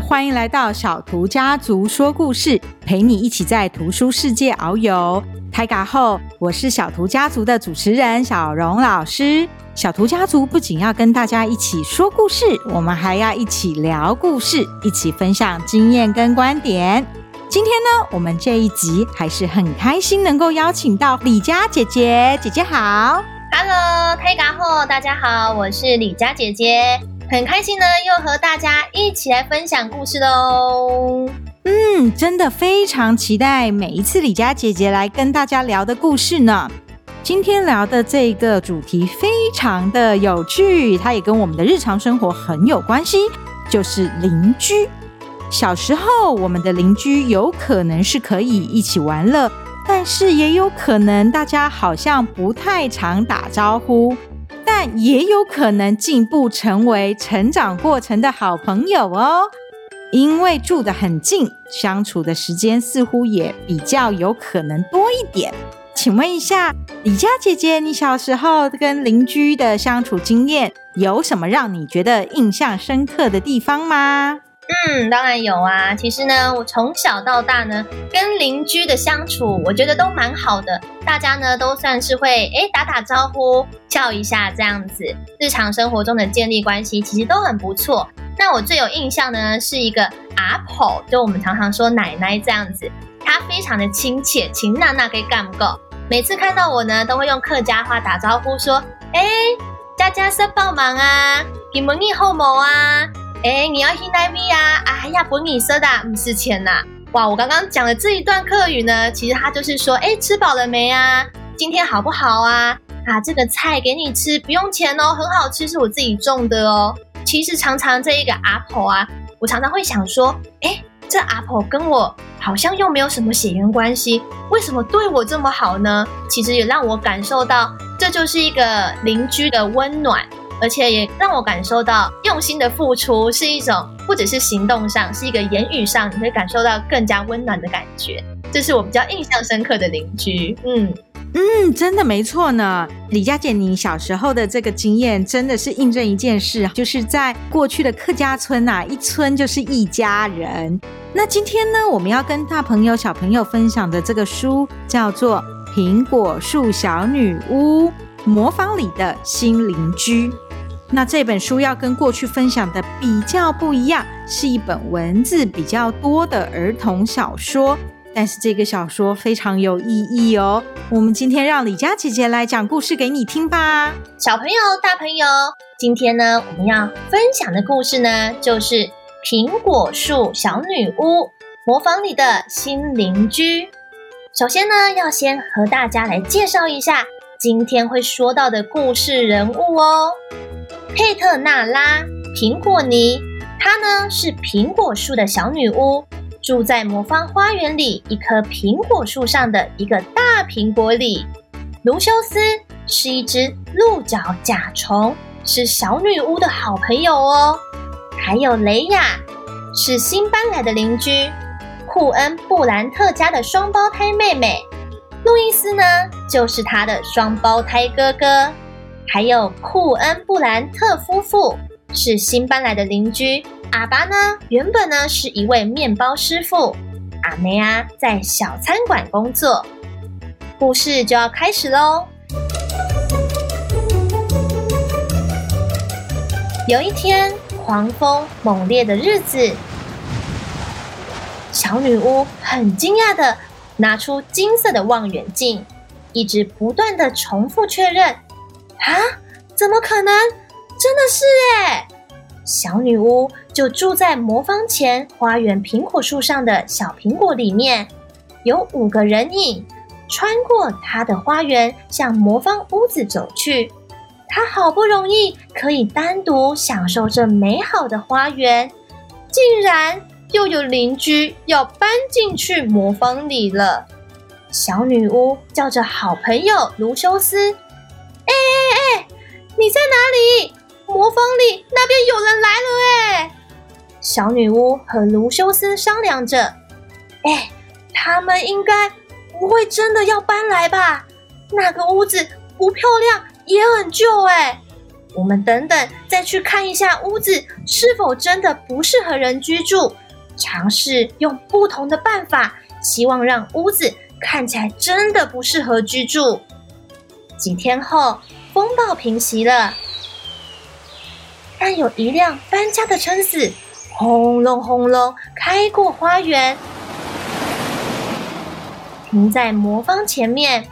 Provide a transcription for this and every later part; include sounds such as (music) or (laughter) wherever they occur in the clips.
歡迎來到小圖家族說故事，陪你一起在圖書世界遨遊。開咖後，我是小圖家族的主持人小榮老師。小圖家族不僅要跟大家一起說故事，我們還要一起聊故事，一起分享經驗跟觀點。今天呢，我們這一集還是很開心能夠邀請到李佳姐姐。姐姐好，Hello，開咖後，大家好，我是李佳姐姐。很開心呢，又和大家一起來分享故事嘍。嗯，真的非常期待每一次李佳姐姐來跟大家聊的故事呢。今天聊的這個主題非常的有趣，它也跟我們的日常生活很有關係，就是鄰居。小時候我們的鄰居有可能是可以一起玩樂，但是也有可能大家好像不太常打招呼。但也有可能進步成為成長過程的好朋友哦，因為住得很近，相處的時間似乎也比較有可能多一點。請問一下，李佳姐姐，你小時候跟鄰居的相處經驗有什麼讓你覺得印象深刻的地方嗎？嗯，當然有啊。其實呢，我從小到大呢，跟鄰居的相處，我覺得都蠻好的。大家呢都算是會誒打打招呼，笑一下這樣子。日常生活中的建立關係，其實都很不錯。那我最有印象呢，是一個阿婆，就我們常常說奶奶這樣子，她非常的親切。請娜娜給乾不夠，每次看到我呢，都會用客家話打招呼說，說哎，家家生幫忙啊，給你們以後某啊。哎、欸，你要聽那 V 啊？哎、啊、呀，不你說的、啊，不是錢吶、啊。哇，我剛剛講的這一段客語呢，其實它就是說，哎、欸，吃飽了沒啊？今天好不好啊？啊，這個菜給你吃，不用錢哦，很好吃，是我自己種的哦。其實常常這一個阿婆啊，我常常會想說，哎、欸，這阿婆跟我好像又沒有什麼血緣關係，為什麼對我這麼好呢？其實也讓我感受到，這就是一個鄰居的溫暖。而且也讓我感受到用心的付出是一種，不只是行動上，是一個言語上，你會感受到更加溫暖的感覺。這是我比較印象深刻的鄰居。嗯嗯，真的沒錯呢。李佳姐，你小時候的這個經驗真的是印證一件事，就是在過去的客家村啊，一村就是一家人。那今天呢，我們要跟大朋友、小朋友分享的這個書叫做《蘋果樹小女巫磨坊裡的新鄰居》。那這本書要跟過去分享的比較不一樣，是一本文字比較多的兒童小說。但是這個小說非常有意義哦。我們今天讓李佳姐姐來講故事給你聽吧，小朋友、大朋友。今天呢，我們要分享的故事呢，就是《蘋果樹小女巫磨坊裡的新鄰居》。首先呢，要先和大家來介紹一下今天會說到的故事人物哦。佩特納拉蘋果泥，她呢是蘋果樹的小女巫，住在磨坊花園裡一棵蘋果樹上的一個大蘋果裡。盧修斯是一隻鹿角甲蟲，是小女巫的好朋友哦。還有雷雅，是新搬來的鄰居。庫恩布蘭特家的雙胞胎妹妹，路易斯呢就是他的雙胞胎哥哥。還有庫恩布蘭特夫婦，是新搬來的鄰居。阿巴呢，原本呢是一位麵包師傅。阿梅阿，啊，在小餐館工作。故事就要開始嘍。有一天，狂風猛烈的日子，小女巫很驚訝的拿出金色的望遠鏡，一直不斷的重複確認。啊！怎麼可能？真的是誒。小女巫就住在磨坊前花園蘋果樹上的小蘋果裡面，有五個人影穿過她的花園，向磨坊屋子走去。她好不容易可以單獨享受這美好的花園，竟然又有鄰居要搬進去磨坊裡了。小女巫叫着好朋友盧修斯。哎、欸，你在哪裡？磨坊裡那邊有人來了哎、欸！小女巫和盧修斯商量着，哎、欸，他們應該不會真的要搬來吧？那個屋子不漂亮，也很舊哎、欸。我們等等再去看一下屋子是否真的不適合人居住，嘗試用不同的辦法，希望讓屋子看起來真的不適合居住。幾天後。風暴平息了，但有一輛搬家的車子轟隆轟隆開過花園，停在磨坊前面。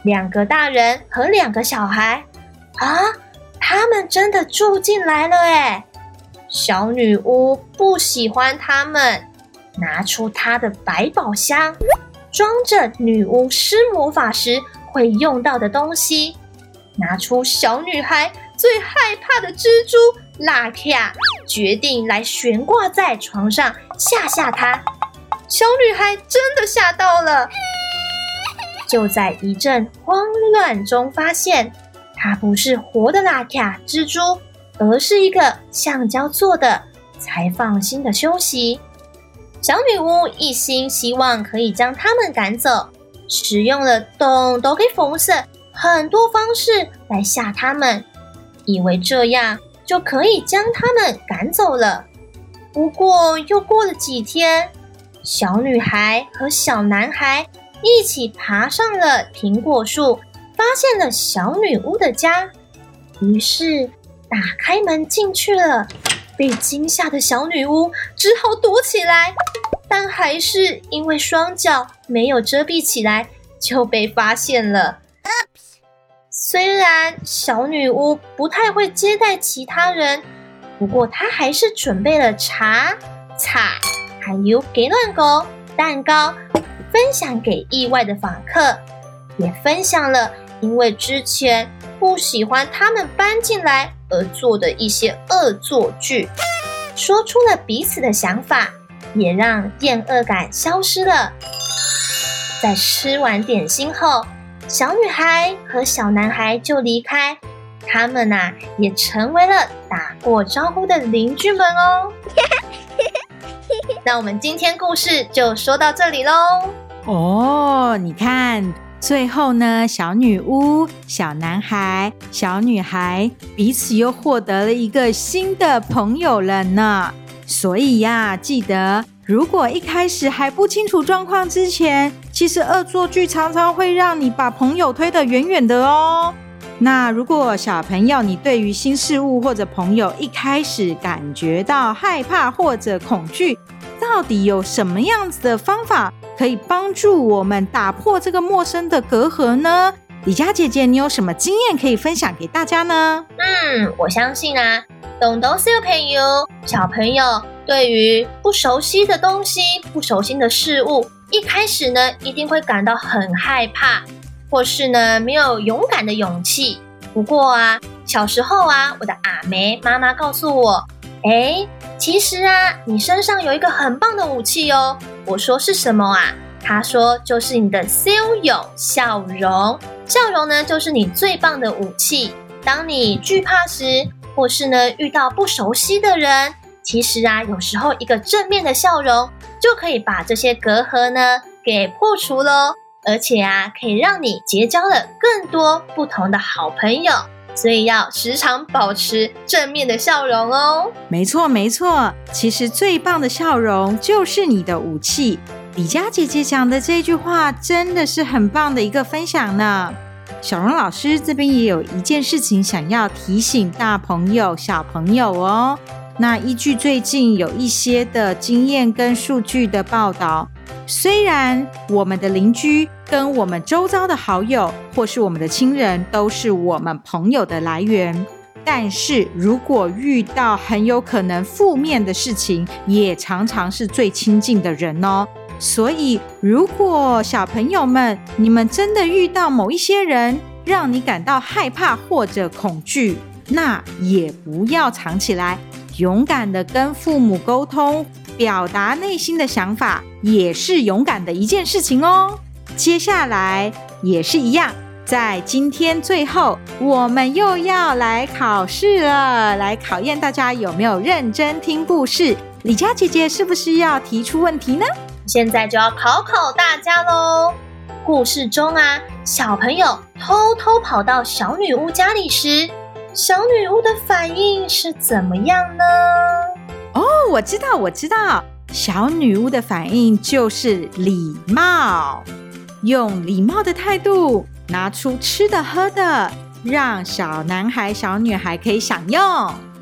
兩個大人和兩個小孩啊，他們真的住進來了哎！小女巫不喜歡他們，拿出她的百寶箱，裝着女巫施魔法時會用到的東西。拿出小女孩最害怕的蜘蛛拉卡，決定來懸掛在床上嚇嚇她。小女孩真的嚇到了，就在一陣慌亂中發現，它不是活的拉卡蜘蛛，而是一個橡膠做的，才放心的休息。小女巫一心希望可以將他們趕走，使用了洞洞給封死。很多方式來嚇他們，以為這樣就可以將他們趕走了。不過又過了幾天，小女孩和小男孩一起爬上了蘋果樹，發現了小女巫的家。於是打開門進去了，被驚嚇的小女巫只好躲起來，但還是因為雙腳沒有遮蔽起來，就被發現了。雖然小女巫不太會接待其他人，不過她還是準備了茶、菜，還有給卵狗蛋糕分享給意外的訪客，也分享了因為之前不喜歡他們搬進來而做的一些惡作劇，說出了彼此的想法，也讓厭惡感消失了。在吃完點心後。小女孩和小男孩就離開，他們吶也成為了打過招呼的鄰居們哦。 (laughs) 那我們今天故事就說到這裡嘍。哦，你看，最後呢，小女巫、小男孩、小女孩彼此又獲得了一個新的朋友了呢。所以呀、啊，記得如果一開始還不清楚狀況之前。其實惡作劇常常會讓你把朋友推得遠遠的哦。那如果小朋友你對於新事物或者朋友一開始感覺到害怕或者恐懼，到底有什麼樣子的方法可以幫助我們打破這個陌生的隔閡呢？李佳姐姐，你有什麼經驗可以分享給大家呢？嗯，我相信啊，懂懂小朋友，小朋友對於不熟悉的東西、不熟悉的事物。一開始呢，一定會感到很害怕，或是呢沒有勇敢的勇氣。不過啊，小時候啊，我的阿梅媽媽告訴我，哎，其實啊，你身上有一個很棒的武器哦。我說是什麼啊？她說就是你的笑容，笑容。笑容呢，就是你最棒的武器。當你懼怕時，或是呢遇到不熟悉的人，其實啊，有時候一個正面的笑容。就可以把這些隔閡呢給破除嘍，而且啊，可以讓你結交了更多不同的好朋友，所以要時常保持正面的笑容哦。沒錯沒錯，其實最棒的笑容就是你的武器。李佳姐姐講的這句話真的是很棒的一個分享呢。小蓉老師這邊也有一件事情想要提醒大朋友、小朋友哦。那依據最近有一些的經驗跟數據的報導，雖然我們的鄰居跟我們周遭的好友或是我們的親人都是我們朋友的來源，但是如果遇到很有可能負面的事情，也常常是最親近的人哦。所以，如果小朋友們，你們真的遇到某一些人讓你感到害怕或者恐懼，那也不要藏起來。勇敢的跟父母溝通，表達內心的想法，也是勇敢的一件事情哦。接下來也是一樣，在今天最後，我們又要來考試了，來考驗大家有沒有認真聽故事。李佳姐姐是不是要提出問題呢？現在就要考考大家嘍。故事中啊，小朋友偷偷跑到小女巫家裡時。小女巫的反應是怎麼樣呢？哦，oh, 我知道，我知道，小女巫的反應就是禮貌，用禮貌的態度拿出吃的喝的，讓小男孩、小女孩可以享用。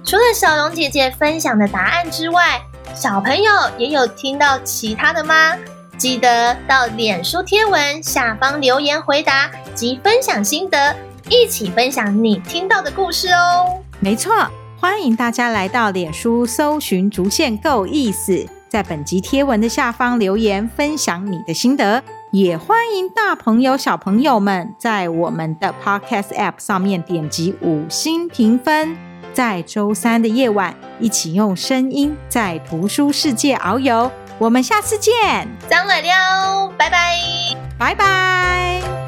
除了小蓉姐姐分享的答案之外，小朋友也有聽到其他的嗎？記得到臉書貼文下方留言回答及分享心得。一起分享你聽到的故事哦！沒錯，歡迎大家來到臉書搜尋“逐線夠意思”，在本集貼文的下方留言分享你的心得，也歡迎大朋友小朋友們在我們的 Podcast App 上面點擊五星評分，在週三的夜晚一起用聲音在圖書世界遨遊。我們下次見，張來了，拜拜，拜拜。